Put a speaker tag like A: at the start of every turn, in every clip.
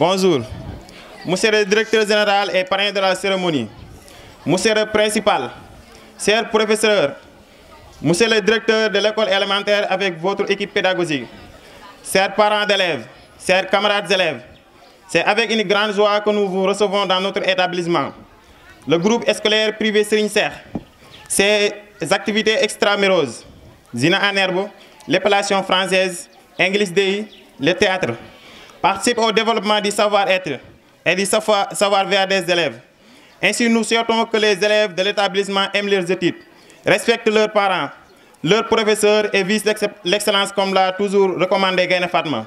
A: Bonjour, Monsieur le Directeur Général et parrain de la cérémonie, Monsieur le Principal, chers professeurs, Monsieur le Directeur de l'école élémentaire avec votre équipe pédagogique, chers parents d'élèves, chers camarades élèves, c'est avec une grande joie que nous vous recevons dans notre établissement. Le groupe scolaire privé Serigne Cheikh, ses activités extramurales, Zina en herbe, l'épellation française, English Day, le théâtre. participe au développement du savoir-être et du savoir-faire des élèves. Ainsi, nous souhaitons que les élèves de l'établissement aiment leurs études, respectent leurs parents, leurs professeurs et visent l'excellence comme l'a toujours recommandé Gaïne Fatma.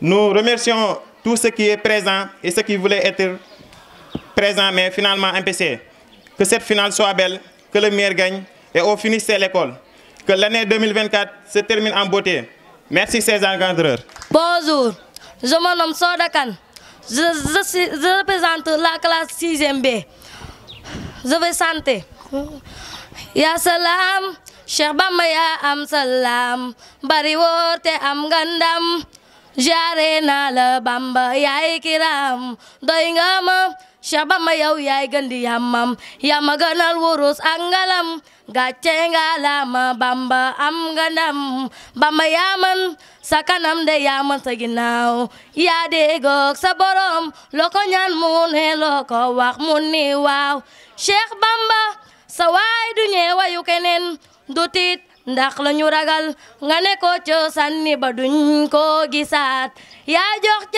A: Nous remercions tous ceux qui est présent et ceux qui voulaient être présents mais finalement empêchés. Que cette finale soit belle, que le meilleur gagne et au finisse c'est l'école. Que l'année 2024 se termine en beauté. Merci ces encadreurs.
B: Bonjour. Je me nomme Sodakan. Je, je, je, représente la classe 6e B. Je vais santé. Ya salam, Cheikh Bamba ya am salam, bari woor am ngandam, jaare naa la Bamba yaay kiram, doy nga ma Cheikh Bamba yow yaay gën di yamam yama gënal wurus ak ngalam gàcce Bamba am nga ndam Bamba yaaman sa de yaaman sa ginnaaw yaa déggoog sa borom loo ko mu ne loo ko wax ni waaw Cheikh Bamba sa waay du ñeewa yu du tiit ndax la ñu ragal nga ne ko coosan ni ba duñ ko gisaat yaa jox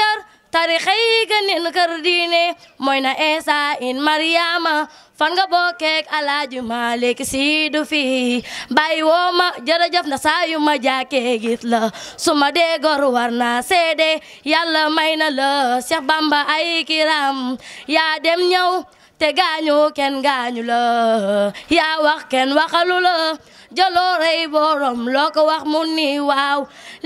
B: tarixay ganin kër diine eh. mooy na Isa in Mariama fan nga bokkeek Alaaji Maalik Si du fi bàyyi woo ma jërëjëf na saa yu ma jàkkee gis la dee gor war seede yàlla may na la Cheikh Bamba ay kiram yaa dem ñëw te gaañu ken gaañu la yaa wax kenn waxalu la jaloorey borom loo ko wax mu ni waaw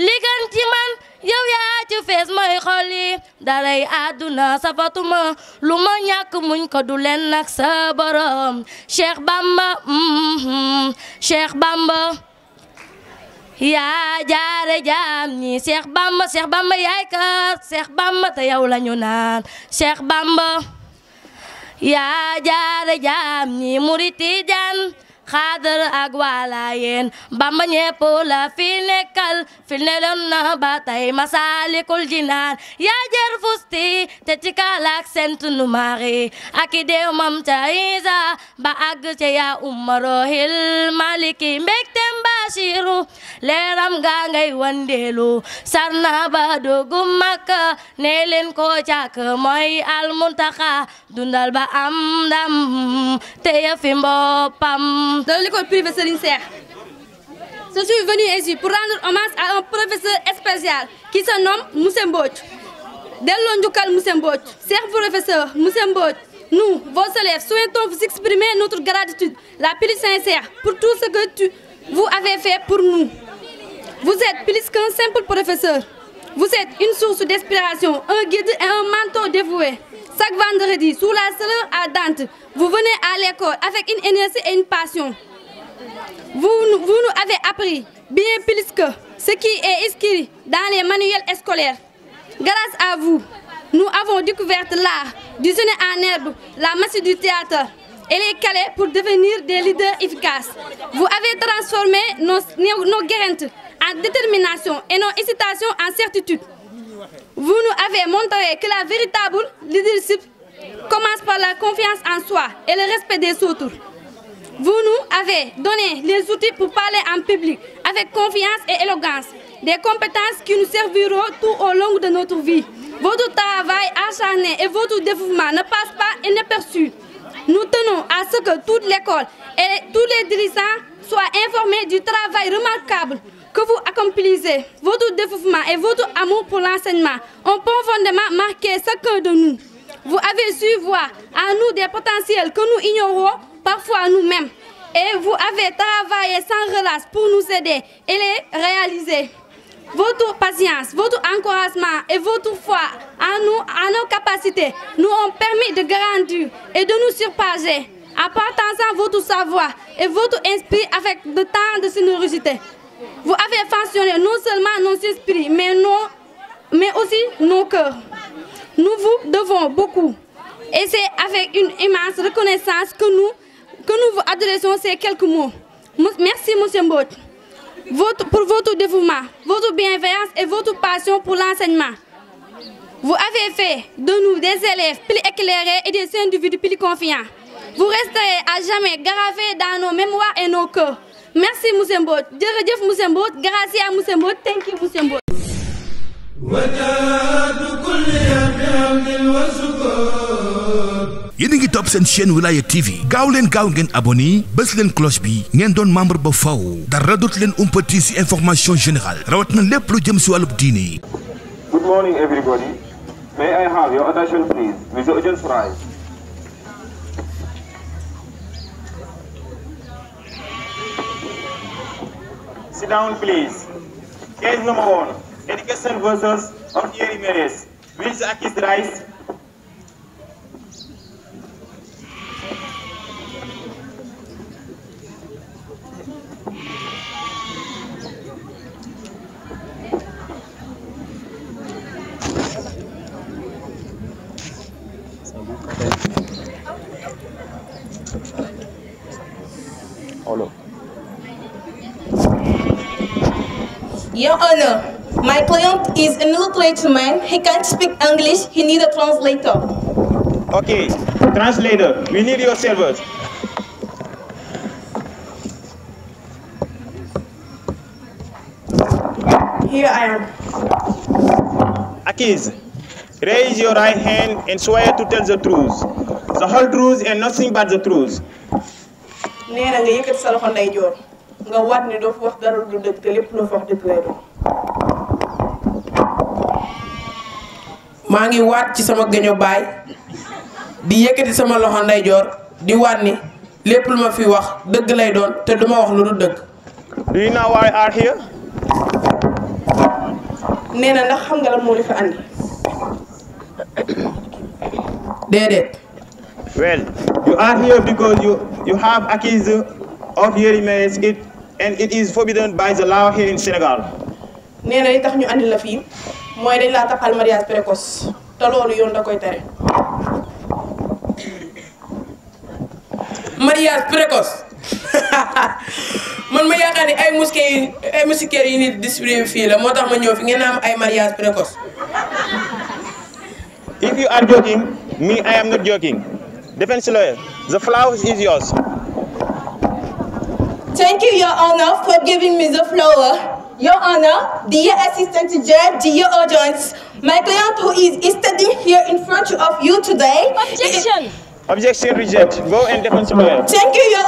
B: li gën ci man yow yaa ci fees mooy xol yi daray àdduna safatuma lu ma ñàkk muñ ko du leen nag sa borom Cheikh Bamba mm-hmm. Cheikh Bamba yaa jaare jaam ñi Cheikh Bamba Cheikh Bamba yaay kër Cheikh Bamba te yow la ñu naan Cheikh Bamba yaa jaar jaam ñi murit yi jaan xaadar ak waalaayeen bamba ñepp la fi nekkal fi ne loon na ba tey masalikul jinaan yaa jër fusti te ci kaalaak sent nu mari ak i deew mam ca isa ba àgg ca yaa ummarohil maliki mbégtem basiru leeram nga ngay wandeelu sarna ba dugum makka ne leen ko càkk
C: mooy almuntaxa dundal ba am ndam te ya fi mboppam de l'école privée Serigne Cheikh. Je suis venu ici pour rendre hommage à un professeur spécial qui se nomme Moussé Mbodj. Delloo njukkal Moussé Mbodj. Cher professeur Moussé nous, vos élèves, souhaitons vous exprimer notre gratitude, la plus sincère, pour tout ce que tu, vous avez fait pour nous. Vous êtes plus qu'un simple professeur. Vous êtes une source d'inspiration, un guide et un mentor dévoué. Chaque vendredi, sous la chaleur ardente, vous venez à l'école avec une énergie et une passion. Vous, nous avez appris bien plus que ce qui est inscrit dans les manuels scolaires. Grâce à vous, nous avons découvert l'art, du jeûne en herbe, la masse du théâtre et les calais pour devenir des leaders efficaces. Vous avez transformé nos, nos, en détermination et nos hésitations en certitude. Vous nous avez montré que la véritable leadership commence par la confiance en soi et le respect des autres. Vous nous avez donné les outils pour parler en public avec confiance et élégance, des compétences qui nous serviront tout au long de notre vie. Votre travail acharné et votre dévouement ne passe pas inaperçu. Nous tenons à ce que toute l'école et tous les dirigeants soient informés du travail remarquable que vous accomplissez, votre dévouement et votre amour pour l'enseignement ont profondément marqué chacun de nous. Vous avez su voir nous des potentiels que nous ignorons parfois nous-mêmes. Et vous avez travaillé sans relâche pour nous aider et les réaliser. Votre patience, votre encouragement et votre foi en nous, en nos capacités, nous ont permis de grandir et de nous surpasser en partageant votre savoir et votre esprit avec de temps de générosité. Vous avez façonné non seulement nos esprits, mais, nos, mais aussi nos cœurs. Nous vous devons beaucoup. Et c'est avec une immense reconnaissance que nous, que nous vous adressons ces quelques mots. Merci, Monsieur Mbot, pour votre dévouement, votre bienveillance et votre passion pour l'enseignement. Vous avez fait de nous des élèves plus éclairés et des individus plus confiants. Vous resterez à jamais gravés dans nos mémoires et nos cœurs. merci monsieur Mbodj jërëjëf monsieur Mbodj gracias monsieur Mbodj thank you monsieur Mbodj
A: yéen a ngi top seen chaîne wilaya tv gaaw leen gaaw ngeen abonné bés leen cloche bi ngeen doon membre ba faw dara dootu leen umpati ci information générale rawat na lépp lu jëm ci wàllu diini good Sit down, please. Case number one. Education versus ordinary marriage. Which accused rights
D: Your Honor, my client is an illiterate man. He can't speak English. He needs a
A: translator. Okay, translator, we need your Here I am. raise your right hand and swear to tell the truth. The whole truth and nothing but the truth.
D: nga waat ni doo fi wax dara lu dëgg te lépp loo fi wax dëgg lay doon
B: maa ngi waat ci sama géño baay di yëkkati sama loxo ndeyjoor di waat ni lépp lu ma fi wax dëgg lay doon te du ma wax lu du dëgg do you know why are
D: nee na ndax xam nga lan moo la fi
B: déedéet
A: well you are here because you you have accused of Yeri Meye's and it is forbidden by the law here in Sénégal.
D: nee na li tax ñu andi la fii mooy dañ laa taxal mariage précoce te loolu yoon da
B: koy tere. mariage précoce man ma yaakaar ni ay musike ay musikeer yi nit
A: distribué fii la moo tax ma ñëw fi ngeen am ay mariage précoce. if you are joking me I am not joking defense lawyer the flowers is yours.
D: Thank you, Your Honor, for giving me the floor. Your Honor, dear Assistant Judge, dear audience, my client who is standing here in front of you today. Thank you, Your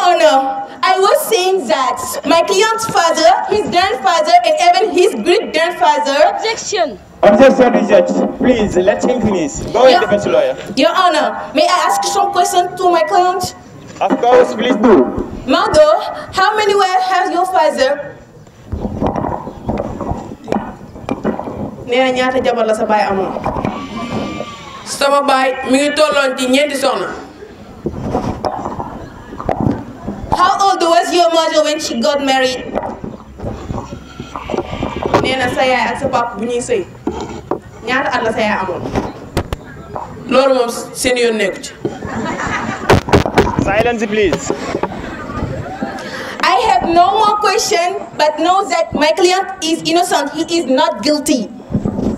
D: Honor. I was saying that my client's father, his grandfather, and even his great grandfather. Objection.
A: Objection rejected. Please, let him finish. Go and defend lawyer.
D: Your Honor, may I ask some question to my client?
A: Of course, please do.
D: ñaata jabar la sa baay
B: mi ngi tolloon ci ñeenti soxna.
D: how old was your mother when yaay ak sa papa bu ñuy sëy ñaata at sa yaay amoon.
A: loolu moom seen yoon nekku ci. Silence, please.
D: I have no more question, but know that my client is innocent. He is not guilty.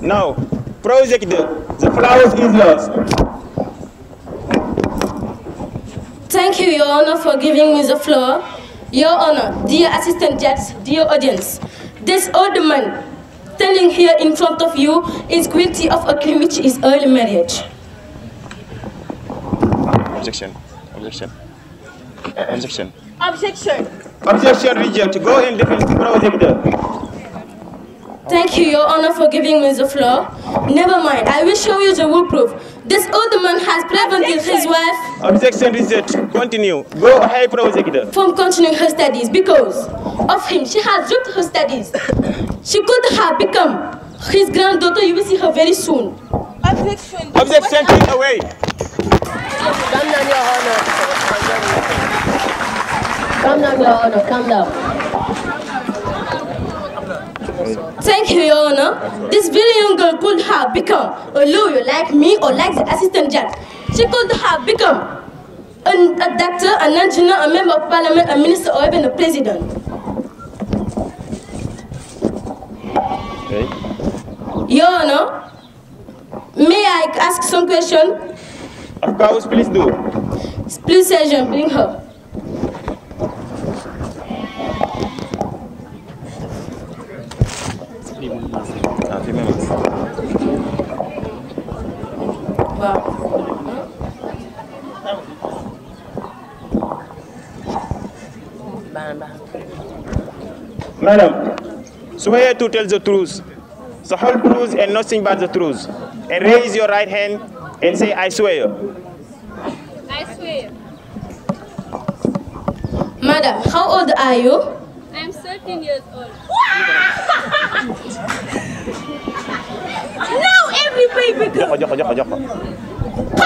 A: Now, project the flowers is yours.
B: Thank you, Your Honor, for giving me the floor. Your Honor, dear Assistant Judge, dear audience, this old man standing here in front of you is guilty of a crime which is early marriage.
A: Objection. objection objection
B: objection
A: objection reject go in defense project
B: Thank you, Your Honor, for giving me the floor. Never mind, I will show you the will proof. This old man has prevented his wife.
A: Objection reject. Continue. Go ahead, prosecutor.
B: From continuing her studies because of him, she has dropped her studies. she could have become his granddaughter. You will see her very soon. Objection.
A: Objection. Take away. Calm down, Your Honor.
B: Calm down, Your Honor. Calm down. Thank you, Your Honor. This brilliant girl could have become a lawyer like me or like the assistant judge. She could have become an, a doctor, an engineer, a member of parliament, a minister, or even a president. Okay. Your Honor, may I ask some question?
A: Of course, please do.
B: Please, Sergeant, bring her.
A: Ah, three minutes. Wow. Madam, swear to tell the truth, the whole truth and nothing but the truth, and raise your right hand and say, I swear. I swear. Madam, how old are you?
C: I'm 13 years old. now
A: every baby girl.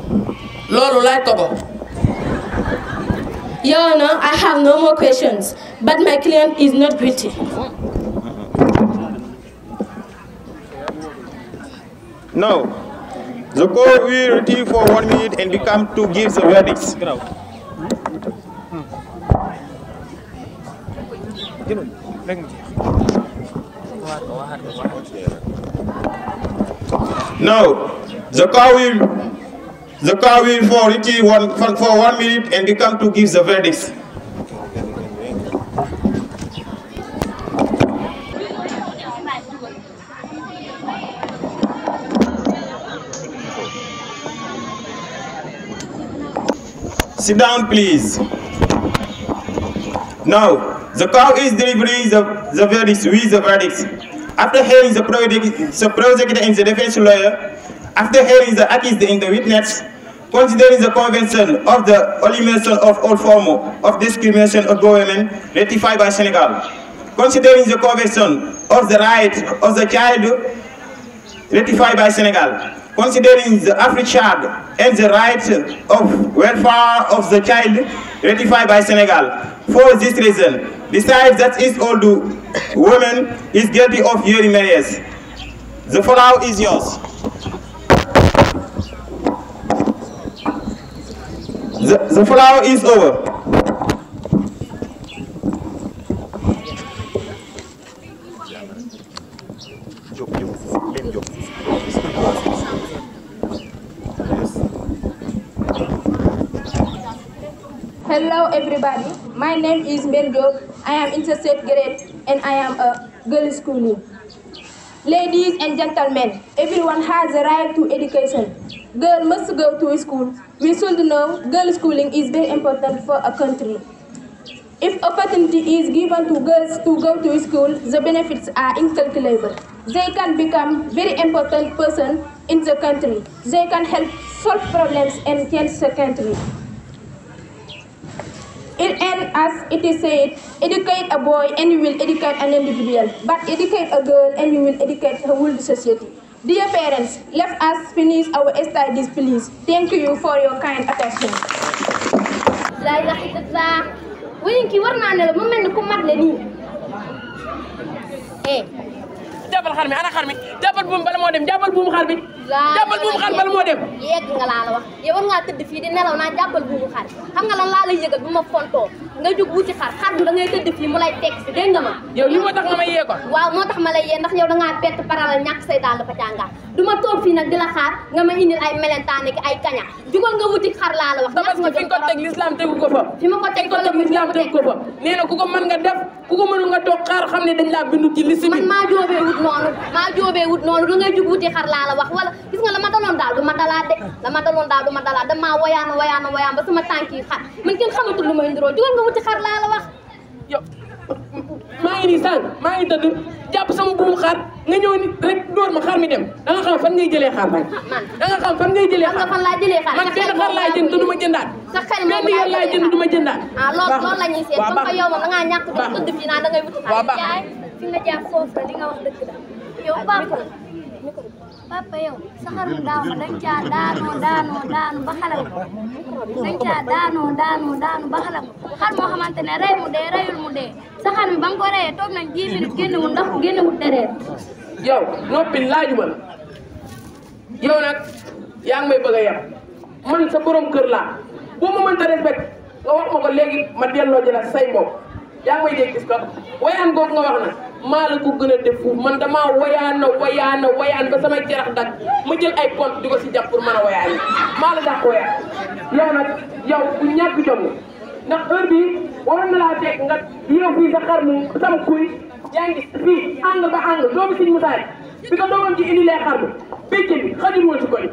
B: loolu laaj ko ko. Your Honor, I have no more questions, but my client is not guilty.
A: Now, the will retreat for one minute and become to give the verdicts. Now, the court will The car will for it one, for one minute and you come to give the verdict. Sit down, please. Now, the cow is delivering the, the verdict with the verdict. After hearing the, prodict, the prosecutor and the defense lawyer, after hearing the accused and the witness, Considering the Convention of the Elimination of All Forms of Discrimination of Government ratified by Senegal. Considering the Convention of the Rights of the Child ratified by Senegal. Considering the African Charter and the Rights of Welfare of the Child ratified by Senegal. For this reason, besides that each old woman is guilty of yearly marriage. The floor is yours. The, flower is over.
B: Hello everybody, my name is Merjok. I am in sixth and I am a girl schooling. Ladies and gentlemen, everyone has the right to education. Girl must go to school We should know girl schooling is very important for a country. If opportunity is given to girls to go to school, the benefits are incalculable. They can become very important person in the country. They can help solve problems and change the country. It ends as it is said, educate a boy and you will educate an individual, but educate a girl and you will educate a whole society. Dear parents, let us finish our studies, please. Thank you for your kind attention. la ilaha illallah wéy kii war naa ne mu mel ni ku mat nii. eh. jàppal xar mi ana xar buum bala moo dem jàppal buum xar bi. buum xar bala moo dem. yegg nga laa wax yow war ngaa fii di nelaw naa jàppal buum xar xam nga lan bu ma fontoo. nga jóg wuti xar xar bu da ngay tëdd fii mu lay teg si dégg nga ma yow li moo tax ma may yee ko waaw moo tax ma lay yee ndax yow da ngaa bett paral ñàkk say daal dafa càngaar du ma toog fii nag di la xaar nga ma indil ay melentaan ak ay kaña jugal nga wuti xar laa la wax ko teg l'islam tegu ko fa fi ma ko ko fa nee nga def ko mënul nga toog xaar xam ne dañ laa bindu ci liste bi man maa jóobee wut noonu maa jóobee wut noonu da ngay jóg wuti xar laa la du ma dalaat de la ma daloon daal du ma dalaat damaa woyaana woyaana woyaan ba sama tànk xar man kenn xamatul lu may ndiroo jugal wuti xar laa la wax maa ngi nii sànq maa ngi tëdd jàpp sama buumu xar nga ñëw ni rek dóor ma xar mi dem da xam fan ngay jëlee xar rek da xam fan ngay jëlee xar man te du ma laa jënd du ma jëndaat ah loolu loolu la ñuy da ngaa ñàkk do tëdd fii naa da ngay wuti xar yaay fi nga jàpp foofu la li nga wax dëgg la papa yow sa xarum daaw ma dañ caa daanoo daanoo ba xalam
E: dañ caa daanoo
B: daanoo ba xalam xar moo xamante ne rey mu reyul mu dee sa mi ba nga ko reyee toog nañ dix minutes génnewul ndox génnewul deret yow noppi laajuma yow nag yaa ngi may bëgg a yem man sa borom kër laa boo ma mënta respect nga wax ma ko léegi ma delloo jëla say mbokk yaa ngi may ko wayaan googu nga wax na maa la ko gën a def fuuf man damaa wayaana wayaana wayaan ba samay jarax dag ma jël ay pont di ko si jàpp pour mën a wayaan maa la dàq wayaan yow nag yow ku na laa fekk nga yow fii sa xar mu sama kuy yaa fii ànd ba ànd doomu siñ musaari bi ko doomam ci indi lee xar mu béjjë bi xajul woon si koñ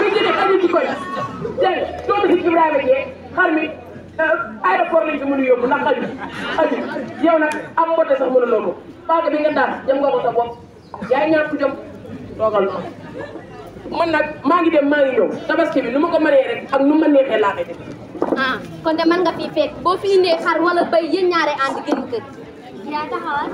B: béjjë bi xajul ci koñ xar mi Eh, aéroport lañ ko mën a yóbbu ndax aju aju yow nag am mbote sax mën a loolu paaka bi nga daan jëm nga ko sa bopp yaay ñaan ku jëm toogal ko man nag maa ngi dem maa ngi ñëw tabaski bi nu ma ko mënee rek ak nu ma neexee laa koy def ah kon de nga fi fekk boo fi indee xar wala béy yéen ñaare ànd génn yaa taxawal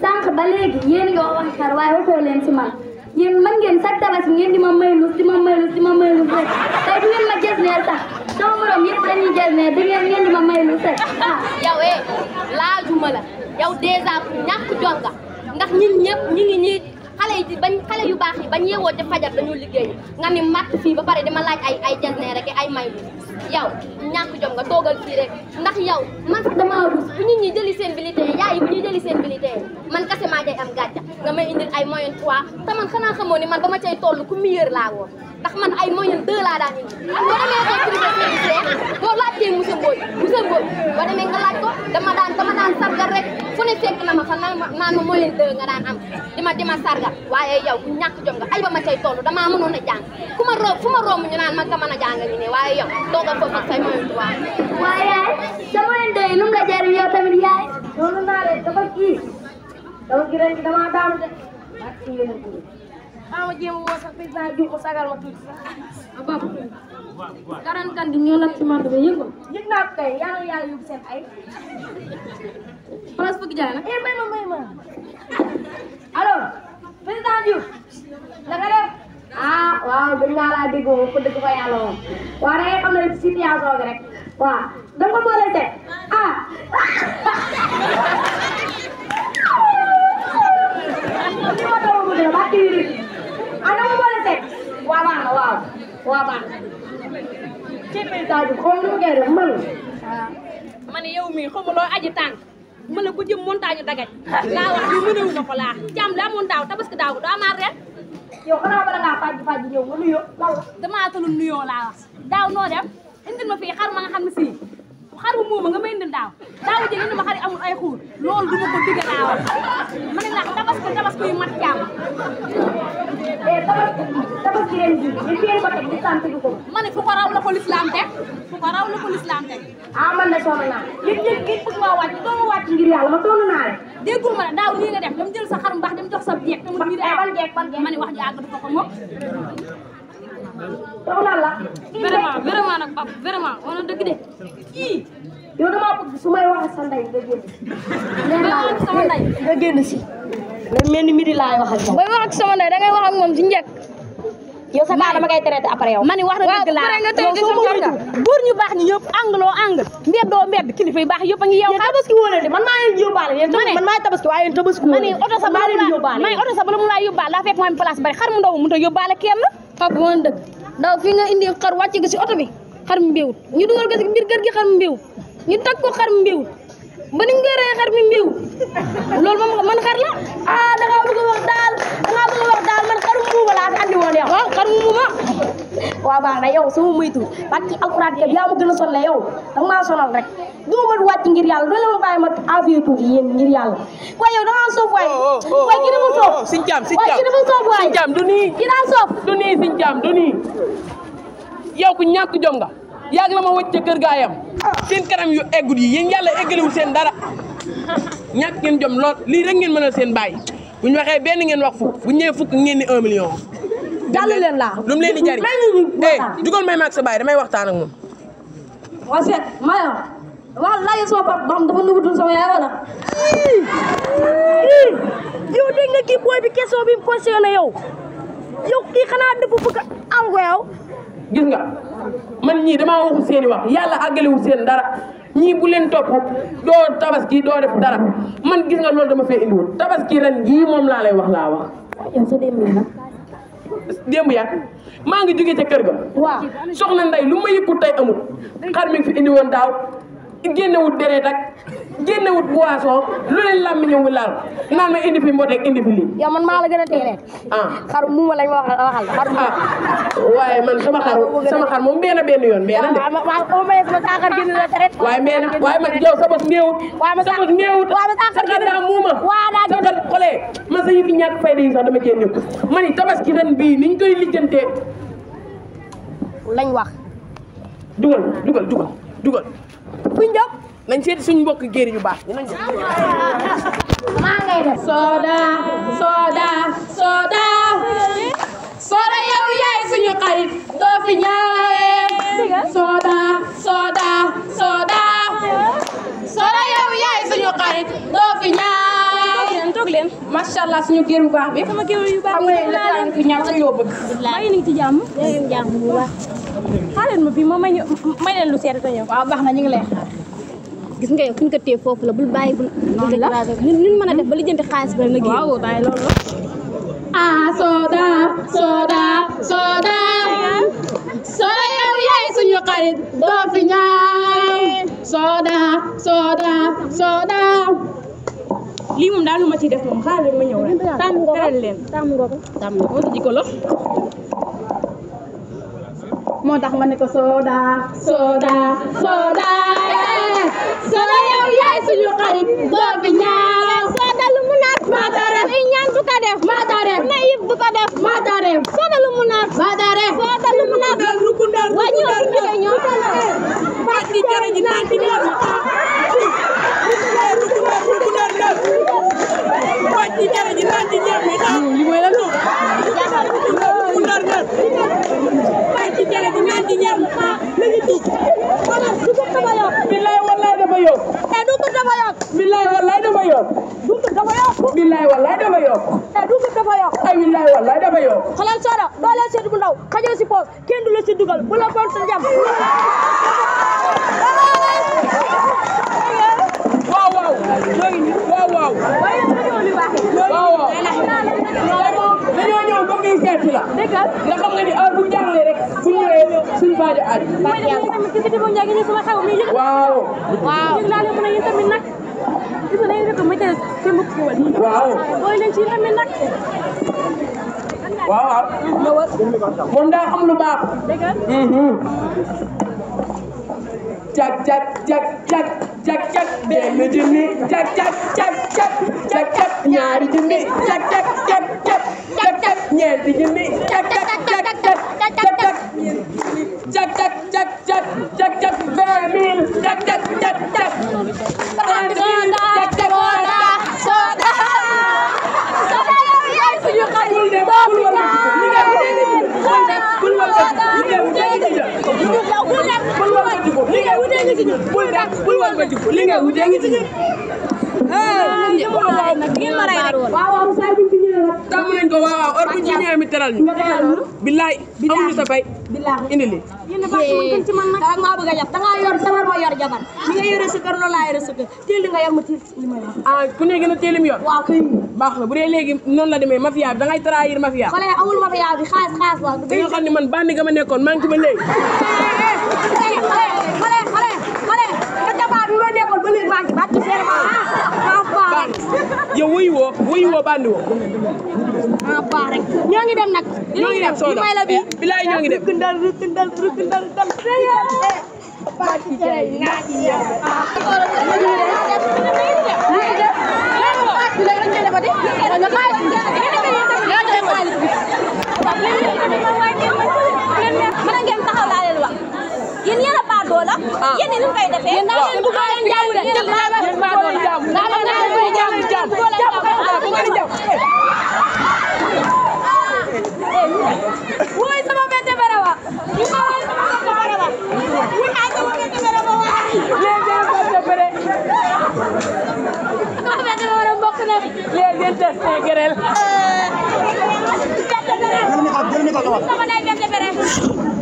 B: sànq ba léegi yéen nga wax xar waaye waxoo leen si man yéen man ngeen sax tabaski ngeen di ma maylus di ma maylus di ma maylus rek tey du ngeen ma gis ne sax sama morom yëpp dañuy gis ne da ngeen ngeen di ma maylus rek ah. yow eh laajuma la yow ñàkk jot ndax ñun ñëpp ñu ngi xale yi bañ xale yu baax yi bañ yeewoo ca fajar dañoo liggéey nga ni matt fii ba pare dama laaj ay ay jasne rek ay may yow ñàkk jom nga toogal fii rek ndax yow man sax damaa rus bu nit ñi jëli seen bilité yaay yi bu ñuy jëli seen bilité man kase maa jay am gàcca nga may indil ay moyen 3 te man xanaa xamoo ni man ba ma cay toll ku meilleur laa woon ndax man ay moyen 2 laa daan indi boo demee xëy privé service boo na ma fa naan ma naan ma daan am di ma di ma sarga waaye yow bu ñàkk jom nga ba ma cay toll damaa mënoon a jàng ku ma room ma room ñu naan man ka mën a jàng ne waaye yow doog a foofu ak say moyen mu la jëriñ yow tamit yaay. loolu naa leen dafa kii dafa kii daanu de. maa ma jéem a woo sax président Diouf mu sagal ma tuuti sax. abab garankan di ñoo lakk ci mànd bi seen ay. place fukki jaay nag. Eh, may ma may ma alors président Diouf naka def. ah waaw gën naa laa déggoo wax dëgg fa yàlla moom waaw da ngay xam ne situation bi rek waaw da nga ko boole teg ah. li ma doon wutee ba tiiri ah da nga ko nu mu koy ah, yow mii xamu loo aji ma la ko jëm montagne dagaj laa wax ñu mënewu ma ko laa jàmm laa moon daaw tabaski daaw daa maa ren yow xanaa bala ngaa fàjj fàjj ñëw nga nuyoo damaa talul nuyoo laa wax daaw noo dem indil ma fii xar ma nga xam ne sii xaru mooma nga may indil daaw daaw jege ma xari amul ay xuur loolu du ma ko digg daaw ma ne ndax tabaski tabaski yu mat jàmm eh, tabaski ren la ko lislaam teg fu la ko lislaam teg ah man de sonn naa yëpp yëpp gi bëgg maa wàcc doo ma ma sonn naa rek déggul daaw lii nga def jël sa xarum baax dem jox sa jeeg dama eh, ban jeeg ban jeeg ma ne wax ji àgg du ko moom soxna la. vraiment vraiment nag papa vraiment wax na dëgg de kii. yow damaa bëgg su may waxee sa ndey nga génn.
E: nee naa la sama
B: ndey wax ak moom. booy wax ak wax ak moom si njëkk. yow wax na dëgg laa soo ma wëriñu góor ñu baax ñi yëpp angloo ang mbeddoo mbedd kilifa yu baax yëpp a ngi yow. yéen tabaski wóor man maa leen yóbbaale. man maa tabaski waaye yéen tabaski wóor mani daa fekk ma am bari xar mu ndaw mu mënut a yóbbaale kenn papa man dëgg ndaw fi nga indi xar wàcce nga si oto bi xar mu mbéwut ñu dugal ko si biir kër gi xar mu mbéwut ñu tag ko xar mu ba ni ñu koy rey xar man xar la ah da ngaa bëgg a wax daal da ngaa bëgg a wax daal man xarum muuma laa fi andi woon yow ah xarum muuma waaw baax na yow sama moytu parce que yaa ma gën a sonal yow danga ma mën la ma bàyyi ma envoyé tuuti yéen ngir yàlla waaye yow da ngaa soof waay oh, oh, oh, waaye ki dafa soof siñ jaam ki dafa soof waay siñ ñàkk jom nga la ma wëcc ca kër gaayam seen kanam yu eggut yi yéen yàlla eggalewul seen dara ñàkk ngeen jom lool lii rek ngeen mën seen baay bu ñu waxee benn ngeen wax fukk bu ñu ñëwee fukk ngeen ni un million. dalu leen laa lu leen di jariñ eh jugal may maag sa bàyyi damay waxtaan ak moom. waa seet mayo waaw laajal sama papa ba xam dafa nugutul sama yaay wala. yow dégg nga kii booy bi question bi mu posé la yow kii xanaa dafa bëgg a am ko gis nga. man ñii dama waxu seen wax yàlla wu seen dara ñii bu leen topp doo tabaski doo def dara man gis nga loolu dama fee indiwoon tabaski ren jii moom laa lay wax laa wax. démb yaa maa ngi jógee ca kër ga. waaw soxna Ndeye lu ma yëkkut tey amul xar mi fi indi woon daaw génnewul deret ak. génnewut boisson lu leen làmmiñam wi laal naan ma indi fi mboteeg indi fi lii. yow man maa la gën a teelee. ah xaru muuma lañ ma wax ah. waaye man sama xaru sama xar moom benn benn yoon benn a waaw waaw xaw ma ne sama saa xar génn la te rek. waaye benn waaye man muuma. waaw daa génn sa man sa yëfi ñàkk fayda yi sax dama cee nekk. ma ni tabaski ren bii niñ koy lijjantee. lañ wax. dugal dugal dugal dugal. buñ nañ seeti suñu mbokk géer yu baax dinañ ko maa ngay def soda soda soda soda yow yaay suñu xarit doo fi ñaawee
C: soda soda soda
B: soda yow yaay suñu xarit doo fi ñaawee toog leen macha allah suñu géer bu baax bi sama géer yu baax xam nga leen fi ñaaw ñoo bëgg maa ngi ci jàmm jàmm bu baax xaaral ma bi ma may leen lu seet te ñëw waaw baax na ñu ngi lay xaar gis nga yow fi ñu ko téye foofu la bul bàyyi bul. noonu la ñun mën a def ba lijjanti xaalis ba na génn. waaw bàyyi loolu la. ah Soda Soda Soda. Soda yow yaay suñu xarit doo fi ñaay. Soda Soda Soda. lii moom daal lu ma ciy def moom xaaral ma ñëw rek. tàmm ngoo ko tàmm ngoo ko tàmm ngoo ko. moo tax ma lu mu naat maa daa bu ko def na yib bu ko def maa lu mu naat maa lu mu naat waa ñoo fi xolal soda doole sedd bu ndaw xajoo si poos kenn du la si dugal bu la bon sa jam waaw waaw waaw waaw dañoo ñëw ba ngay seeti la nga xam nga ni heure bu jàngale rek bu ñëwee suñu baajo aaj waaw waaw waaw waaw waaw moom daa xam lu baax. cak cak cak cak cak cak benn junni cak cak cak cak cak cak ñaari junni cak cak cak cak cak cak ñeenti junni cak cak cak cak cak cak cak cak cak cak cak cak cak vingt mille cak cak cak cak bul wàllu bul wàllu tàmm nañ ko waaw waaw heure bu ñu ñëwee mi teral ñu. billaay amuñu sa bay. indi li. ci man nag da maa bëgg a jàpp da ni nga yore sa kër loolu laa yore sa kër teel li nga yor ma teel li ma yor. ah ku ne a teel lim yor. waaw kay na bu dee léegi noonu la demee mafia bi da ngay trahir mafia. xale amul
C: mafia bi xaalis xaalis la. da nga xam ne man
B: bandi ga ma nekkoon maa ngi ba léegi. xale xale xale yow wuyu woo wuyu woo bandi woo. ah baax rek ñoo ngi dem nag. ñoo ngi dem Soda eh, bilaay ñoo ngi dem. rukindal rukindal rukindal dem. Eh, Thank you.
E: loola. ah yéen ñu koy defee. yéen daal yéen maa leen jaamu de yéen maa leen
C: maa doon jaamu. maa leen maa doon jaamu jaan jàpp ko daal bu ngeen jàpp. wuy sama bete bere wa. ñu ko wuy sama bete bere wa.
B: wuy ay sama bete bere wa waay.
C: yéen yéen bete bere.
B: sama bete bere mbokk na. yéen yéen des na gërel. bete bere. sama day bete bere.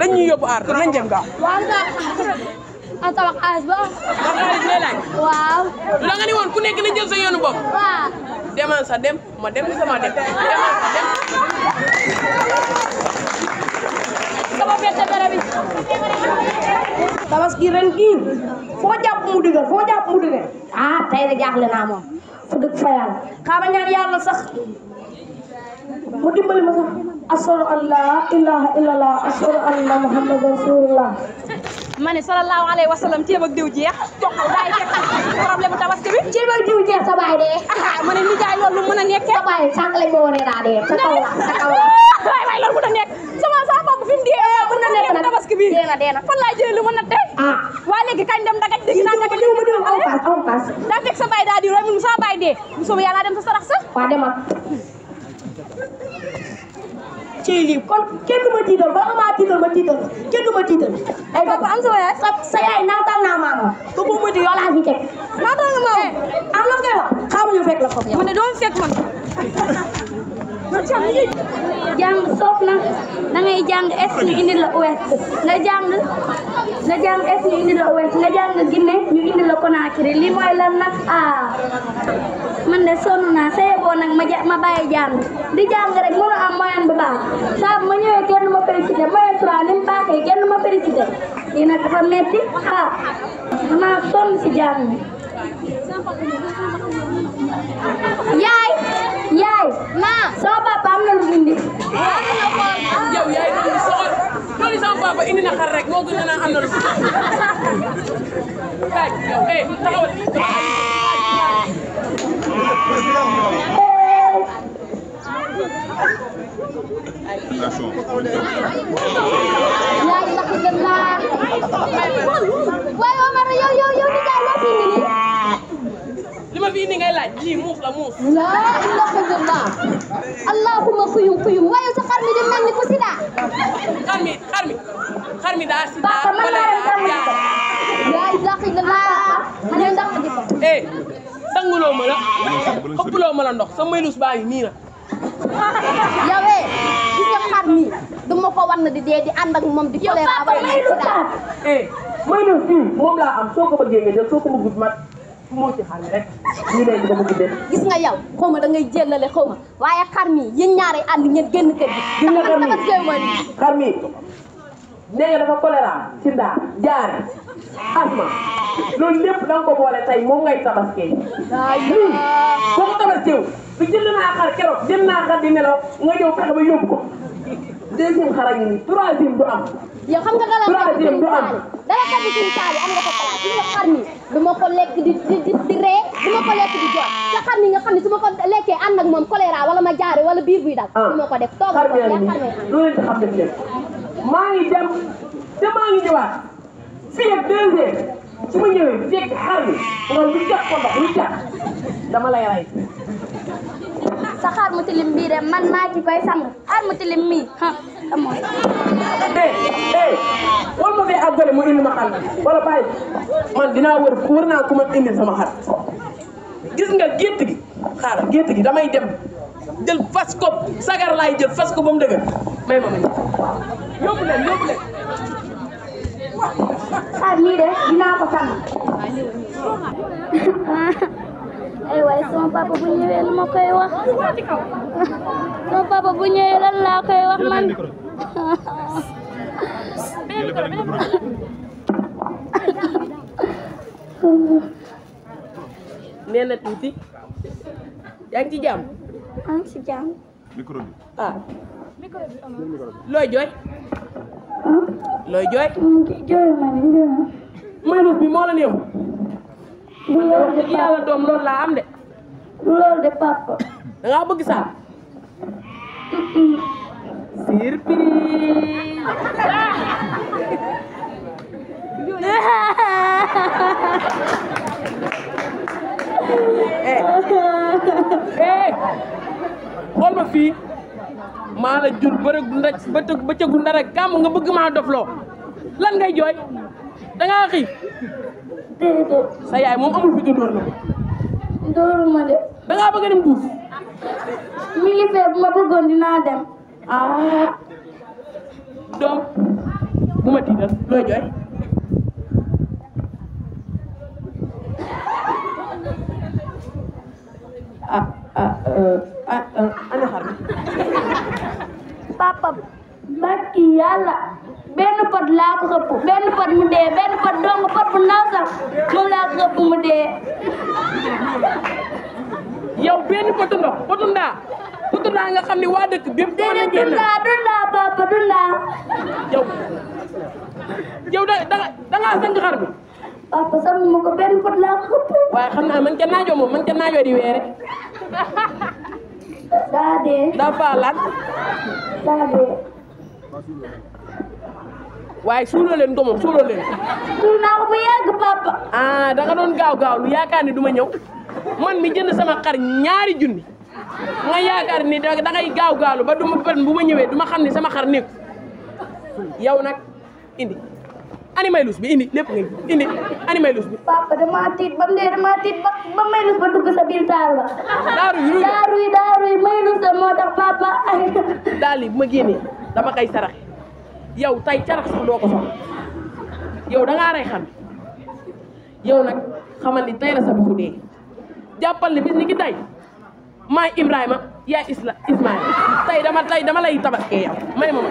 B: dañ ñuy yóbbu aar nañ jëm gaaw. waaw daa am tabax xaalis ba am. waaw. la nga ni woon ku nekk na jël sa yoonu ma dem sama kii foo mu dëgër foo jàpp mu dëgër ah tey de jaaxle naa moom. fa dëgg fa yàlla xaaral sax mu dimbali ma sax. ashhadu an laa ilaaha illallah ashhadu anna muhammadan rasulullah ma ne sallallahu alayhi wa sallam ceeb ak diw jeex daay ceeb ak diw jeex dee ma ne jaay loolu mën a la a nekk sama sama bopp fi mu dee mën na nekk tabaski lu mën a tey ah waa léegi kañ dem dagaj dégg naa
C: dee bu soobee sa sarax sa
B: waa demal ci lii kon kenn du ma tiital ba maa tiital ma tiital kenn du ma tiital. ay papa am sama naatal naa maama ko mu di yoo laa fi
C: naatal nga maama am loo koy wax xaaral ñu fekk la foofu. man man. jàng soof na da ngay jàng est ñu indi la ouest
B: nga jàng nga jàng est ñu indi la ouest nga jàng Guinée ñu indi la Conakry lii mooy lan nag ah man de sonn naa saye boo nag ma ma jàng di jàng rek mënu am moyen bu baax saa ma ñëwee kenn ma félicité moyen trois ni mu baaxee kenn ma félicité lii nag dafa metti ah damaa sonn si jàng sama papa am na lu mu indi. yow yaay doon soxal loolu sama papa indi na xar rek moo gën a naan am na lu mu indi. yow eh taxawal. yaa ngi taxaw dem naa. waaye Omar yow yow yow li nga loo fi indi nii. li ma fi indi ngay laaj lii muus la muus. laa ilaha illallah. allahuma xuyum xuyum waaye sa xar mi di mel ni ku sida. xar mi xar mi xar mi daa sida. wala yaa eh, sanguloo ma la xëppuloo ma la ndox sa maylus baa ngi nii na. yowee eh, gis xar mi du ma ko war na di dee di ànd moom di. yow papa maylus la di sida. Eh, maylus bi hmm, moom laa am soo ko bëggee nga jël soo ko bëggut mat. moo ci xar mi rek ñu ne ko bëgg def gis nga yow xaw ma da ngay jëlale xaw ma waaye xar mi yéen ñaari ànd ngeen génn kër gi. gis nga xar mi xar mi nee nga dafa choléra sida jaare asma loolu lépp da ko boole tey moom ngay tabaskee. aywa boo ko tabaskee wu naa xar keroog jënd naa xar di melo nga ñëw fexe ba yóbbu ko deuxième xar a ngi nii troisième am. yow xam nga dala kat bi suñu taali dala kat bi suñu taali am nga ko place gis nga xar mi du ma ko lekk di di di ree du ma ko lekk di jooy te xar mi nga xam ne su ma ko lekkee ànd ak moom choléra wala ma jaare wala biir buy dal ah. du ma ko def toogal ko yaa xar may xam def leen maa ngi dem te maa ngi ñëwaat fii ak deux heures su ma ñëwee fekk xar mi wala lu jàpp ko ndox lu jàpp dama lay rey sa xar mu tilim bii de man maa ci koy sang xar mu tilim mii ah amoo. eh eh wal ma fee àggale mu indi ma xar wala bàyyi man dinaa wër wër naa ku ma indi sama xar gis nga gétt gi xaaral gétt damay dem jël fas ko sagar laay jël fas ko ba mu dëgër may ma ma ñu yóbbu leen yóbbu
C: dinaa ko sang. ay waay sama papa bu ñëwee lu ma koy wax
E: papa bu
C: ñëwee lan laa wax man
B: nee na tuuti yaa ngi ci jàmm
C: yaa ngi
B: ah.
D: looy jooy looy
B: jooy jooy ma ne jooy ma bi moo la du loolu de papa yàlla doom loolu laa am de. bëgg sax. surprise. Eh, ma fii maa la jur bërëg ndaj bëtëg bëccëgu ndara gàmm nga bëgg maa dofloo lan ngay jooy da ngaa déedéet. moom amul fi dóor na ma de. da ngaa bëgg a dem duus. militaire bu ma bëggoon dinaa dem. ah. doom bu ma tiital looy jooy.
D: ah ah euh, ah euh, ana
B: papa. barki yàlla. benn pot laa ko xëpp benn pot mu dee benn pot dong pot bu ndaw sax moom laa ko xëpp mu dee. yow benn potu ndox potu ndaa potu ndaa nga xam ne waa dëkk bépp. déedéet dundaa dundaa papa dundaa. yow yow da da da ngaa sënk xar bi. papa sax mu ko benn pot laa xam naa man ca naajoo moom man ca naajoo di weere. daa dee. daa faa laaj. daa dee. waaye suuloo leen ko moom suuloo bu yàgg papa ah da nga doon gaaw gaaw lu yaakaar ni du ma ñëw man mi jënd sama xar ñaari junni nga yaakaar ni da ngay gaaw gaawlu ba du ma bu ma ñëwee du xam ne sama xar yow nag indi ani maylus lépp ngay indi ani maylus bi. ba mu dee ba dugg sa biir taal ba. daaru yi daaru moo tax papa ay. bu ma génnee dama koy saraxe. yow tay carax sax doo ko sax yow da rey xan yow nag xamal ni tay la sa bisu dee jàppal ni bis ni ki tay maay Ibrahima yaay Isla Ismaïl tay dama tay dama lay tabaskee yow may ma ma.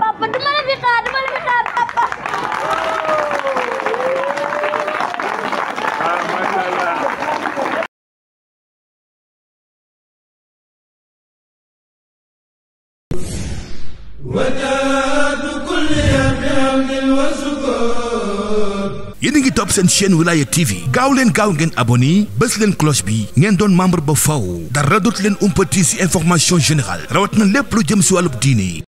B: papa dama la fi xaar dama la fi xaar papa.
A: ab seen chaîne wilaya tv gaaw leen gaaw ngeen aboni bés leen cloche bi ngeen doon membre ba faw dara leen umpati si information général rawat na lépp lu jëm si wàllub diini